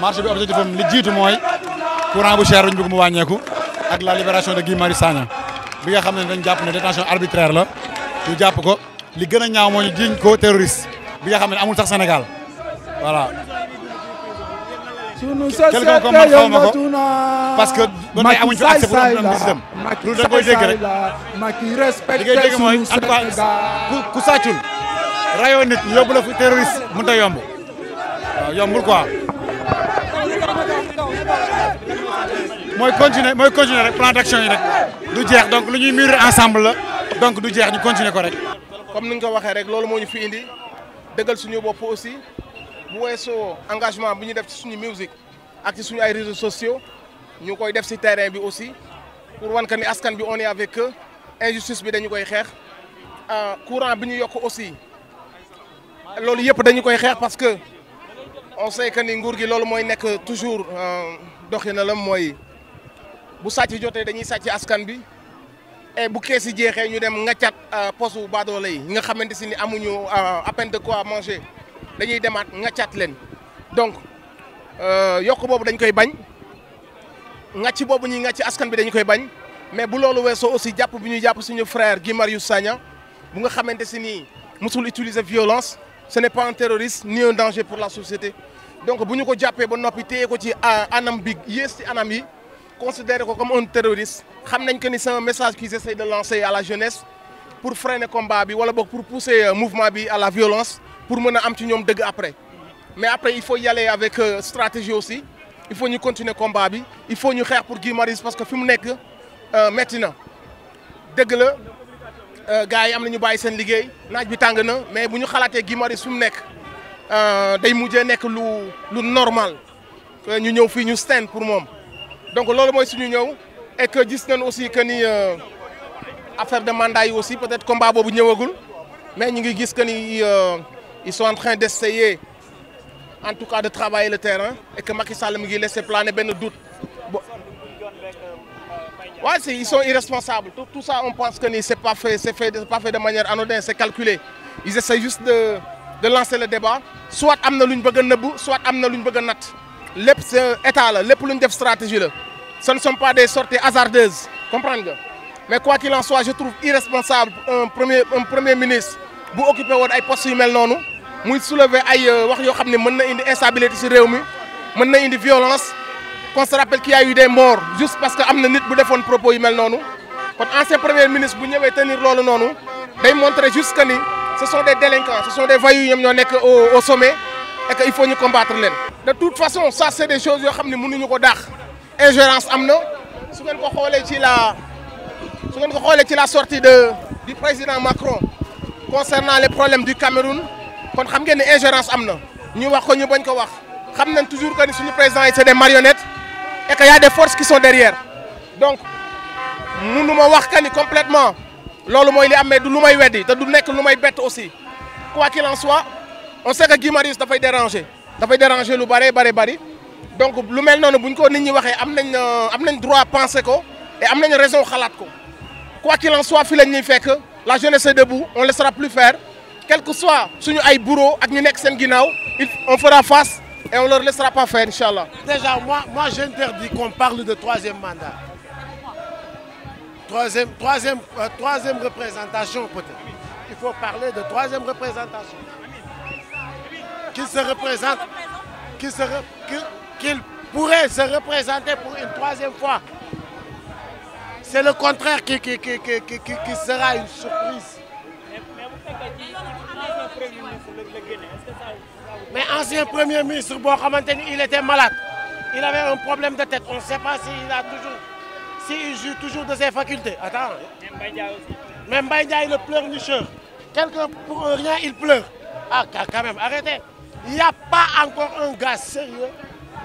marche bi objectif am li jiitu mooy courant bu cher ñu bëgg mu ak la libération de Guy Marius Sagna bi nga xam ne dañ jàpp ne détention arbitraire la ñu jàpp ko li gën a ñaaw moo ñu jiiñ ko terroriste bi nga xam ne amul sax Sénégal voilà. sunu société yëngatu naa parce que ba tey amuñu Sénégal ku sàccul rayoo nit yóbbu la fu terroriste mënut yomb yombul quoi. mooy continuer mooy continuer rek plan d'action yi rek du jeex donc lu ñuy mûrir ensemble la donc du jeex ñu continuer ko rek. comme ni nga ko waxee rek loolu moo ñu fi indi dëggal suñu bopp aussi bu weesoo engagement bu ñu def ci suñu musique ak ci suñu ay réseaux sociaux ñu koy def ci terrain bi aussi pour wan que ni askan bi on yi avec eux injustice bi dañu koy xeex euh, courant bi ñu yokk aussi loolu yëpp dañu koy xeex parce que on sait que nguur gi loolu mooy nekk toujours euh, doxinalam mooy. bu sàcc jotee dañuy sàcc askan bi et bu kees yi jeexee ñu dem ŋàccat euh, posu baadoole yi nga xamante si ni amuñu euh, à peine de quoi manger dañuy demaat ŋàccat leen donc euh, yokk boobu dañ koy bañ ŋàcc boobu ñuy ŋàcc askan bi dañu koy bañ mais bu loolu soo aussi jàpp bu ñuy jàpp suñu frère Guy Marius Sagna bu nga xamante si ni musul utiliser violence ce n'est pas un terroriste ni un danger pour la société donc bu ñu ko jàppee ba noppi teyee ko ci anam bi yées ci anam yi considéré ko comme un terroriste xam nañ que ni c'est message qu'ils essayent de lancer à la jeunesse pour freiner combat bi wala boog pour pousser euh, mouvement bi à la violence pour mën a am ci ñoom dëgg après mais après il faut y avec euh, stratégie aussi il faut ñu continuer combat bi il faut ñu xeex pour Guy Marius parce que fi mu nekk euh, metti dëgg la euh, gars yi am na ñu bàyyi seen liggéey naaj bi tàng na mais bu ñu xalaatee Guy Marius fi mu nekk day mujjee nekk lu lu normal ñu ñëw fii ñu stand pour moom donc loolu mooy suñu ñëw e que gis ne aussi que ni euh, affaire de mandat yi aussi peut-être combat boobu ñëwagul mais ñu ngi gis que ni euh, ils sont en train d'essayer en tout cas de travailler le terrain et que Macky Sall mi ngi laisser planer benn doute bo. waaw si ils sont irresponsables tout ça on pense que ni c'est pas fait c'est fait c'est pas fait de manière anodine c'est calculé ils essaient juste de lancer le débat soit am na lu ñu bëgg a nëbb soit am na lu ñu bëgg nat natt lépp c'est état la lépp lu def stratégie la. ce ne sont pas des sorties hasardeuses comprendre nga mais quoi qu'il en soit je trouve irresponsable un premier ministre bu occupé woon ay postes yu mel noonu muy soulever ay euh, wax yoo xam ne mën na indi instabilité ci réew mi mën na indi violence qu'on se rappelle qu'il y a juste parce que am na nit bu defoon propos yu mel noonu kon ancien premier ministre bu ñëwee tenir loolu noonu day montrer juste que ni ce sont des délinquants ce sont des voyous ñoom ñoo nekk ñu combattre leen. de ingérence am na su ngeen ko xoolee ci la su ngeen ko xoolee ci la sortie de du président Macron concernant les problèmes du Cameroun kon xam ngeen ne ingérence am na ñu wax ko ñu bañ ko wax xam nañ toujours que ni suñu président yi c'est des marionnettes et que y des forces qui sont derrière donc mënu ma wax que ni complètement loolu mooy li am mais du lu may weddi te du nekk lu may bett aussi quoi qu'il en soit on sait que Guy dafay déranger dafay déranger lu bare bare bari donc lu mel noonu bu ñu ko nit ñi waxee am nañ euh, am nañ droit penser ko e am nañu raison xalaat ko quoi qu'il en soit lañ ñuy fekk la jeunesse est debout on laissera plus faire quel que soit suñu ay bourreau ak ñu nekk seen ginnaaw il on fera face e on leur laissera pas faire incha allah. déjà moi moi j'interdis qu'on parle de troisième mandat troisième troisième euh, troisième représentation peut-être il faut parler de troisième représentation qui se représente qui qui... qu'il pourrait se représenter pour une troisième fois. C'est le contraire qui, qui, qui, qui sera une surprise. Mais ancien Premier ministre boo xamante ni il était malade. Il avait un problème de tête. On ne sait pas s'il a toujours s'il joue toujours de ses facultés. Attends. Mais Mbaye Ndiaye le pleurnicheur. Quelqu'un pour un rien il pleure. Ah quand même arrêtez. Il n'y a pas encore un gars sérieux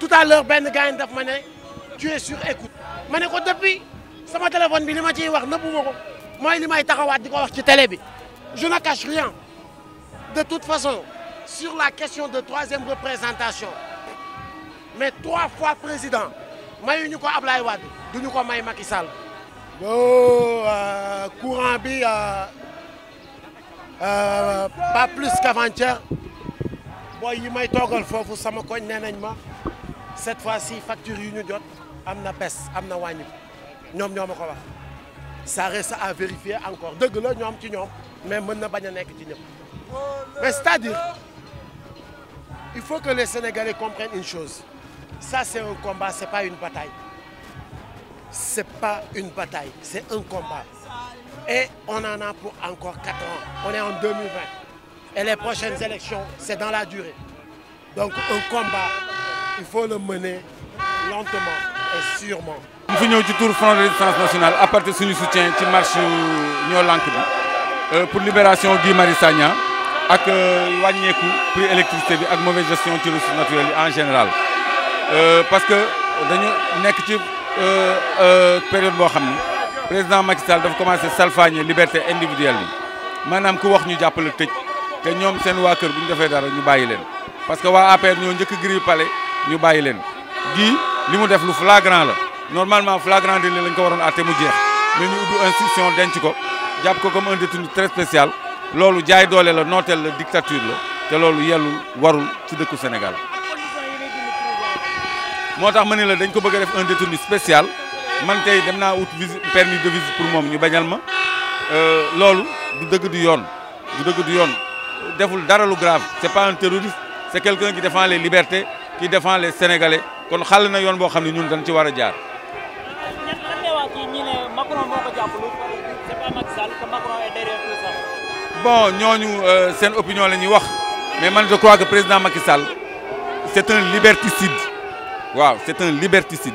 tout à l'heure benn gars yi daf ma ne sur écoute ma ne ko depuis sama téléphone bi li ma ciy wax nëbbu ma ko mooy li may taxawaat di ko wax ci tele bi je ne cache rien de toute façon sur la question de troisième représentation mais trois fois président mayuñu ko Ablaye Wade duñu ko may Macky Sall. boo euh, courant bi euh, euh, pas plus qu'avant-hier yi may toogal foofu sama koñ nee nañ ma. cette fois-ci facture yu ñu jot am na baisse am na wàññi ñoom ñoo ma ko wax ça reste à vérifier encore dëgg la ñoom ci ñoom mais mën na bañ a nekk ci ñëpp mais c'est-à-dire il faut que les Sénégalais comprennent une chose ça c'est un combat c'est pas une bataille c'est pas une bataille c'est un combat et on en a pour encore quatre ans on est en et les prochaines élections c'est dans la durée donc un combat il faut le mener lentement et sûrement. mu fi ñëw ci tour front de résistance nationale apporter suñu soutien ci marche ñoo lànk bi euh, pour libération Guy Marius Sagna ak euh, wàññeeku prix électricité bi ak mauvaise gestion ci ressources yi en général euh, parce que dañu nekk ci période boo xam ni. président Macky Sall dafa commencé salfaañe liberté individuelle bi maanaam ku wax ñu jàppale tëj te ñoom seen waa kër bu ñu defee dara ñu bàyyi leen parce que waa APR ñoo njëkk a ñu bàyyi leen gii li mu def lu flagrant la normalement flagrant délit lañ ko waroon àtte mu jeex mais ñu ubbi instruction denc ko jàpp ko comme un détenu très spécial loolu jaay doole la nooteel la dictature la te loolu yellu warul ci dëkku Sénégal moo tax ma ne la dañ ko bëgg def un détenu spécial man tey dem naa ut visite permis de visite pour moom ñu bañal ma euh, loolu du dëgg du yoon du dëgg du yoon deful dara lu grave c'est pas un terroriste c'est quelqu'un qui défend les libertés qui défend les sénégalais kon xàll na yoon boo xam ne ñun dañ ci war a jaar. bon ñooñu euh, seen opinion la ñuy wax mais man je crois que président Macky Sall c'est un liberticide waaw c'est un liberticide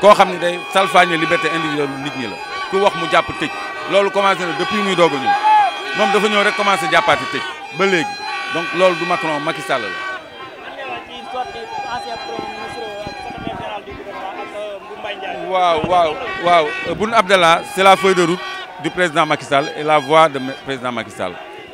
koo xam ne day salfaañe liberté individuelle nit ñi la ku wax mu jàpp tëj loolu commencé na depuis muy doog a ñëw moom dafa ñëw rek commencé jàppaati tëj ba léegi donc loolu du Macron Macky Sall sorti ancien premier ministre waaw waaw waaw euh, Abdallah c'est la feuille de route du président Macky Sall la voix de président Macky Sall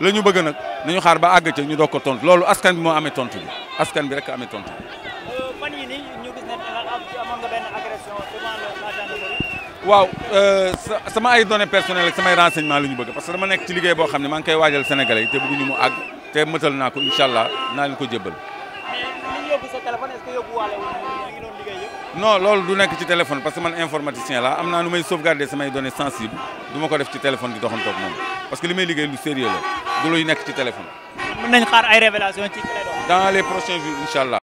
la ñu bëgg nag nañu xaar ba àgg ca ñu doog ko tontu loolu askan bi moo amee tontu bi askan bi rek amee tontu bi. Euh, fan yii nii ñu gis ne euh, amoon nga waaw sama ay données personnelles ak samay renseignements la ñu parce que dama nekk ci liggéey boo xam ne maa ngi koy waajal sénégalais yi te bëgguñu mu àgg te mëtal naa ko incha allah naa leen ko jébbal. yóbbu sa non loolu du nekk ci téléphone parce que man informaticien la am na nu may sauvegarder samay données sensibles du ma ko def ci téléphone di doxantoog moom parce que li may liggéey lu sérieux la du luy nekk ci téléphone. mën nañ xaar ay révélation ci Clédor. dans les prochains jours incha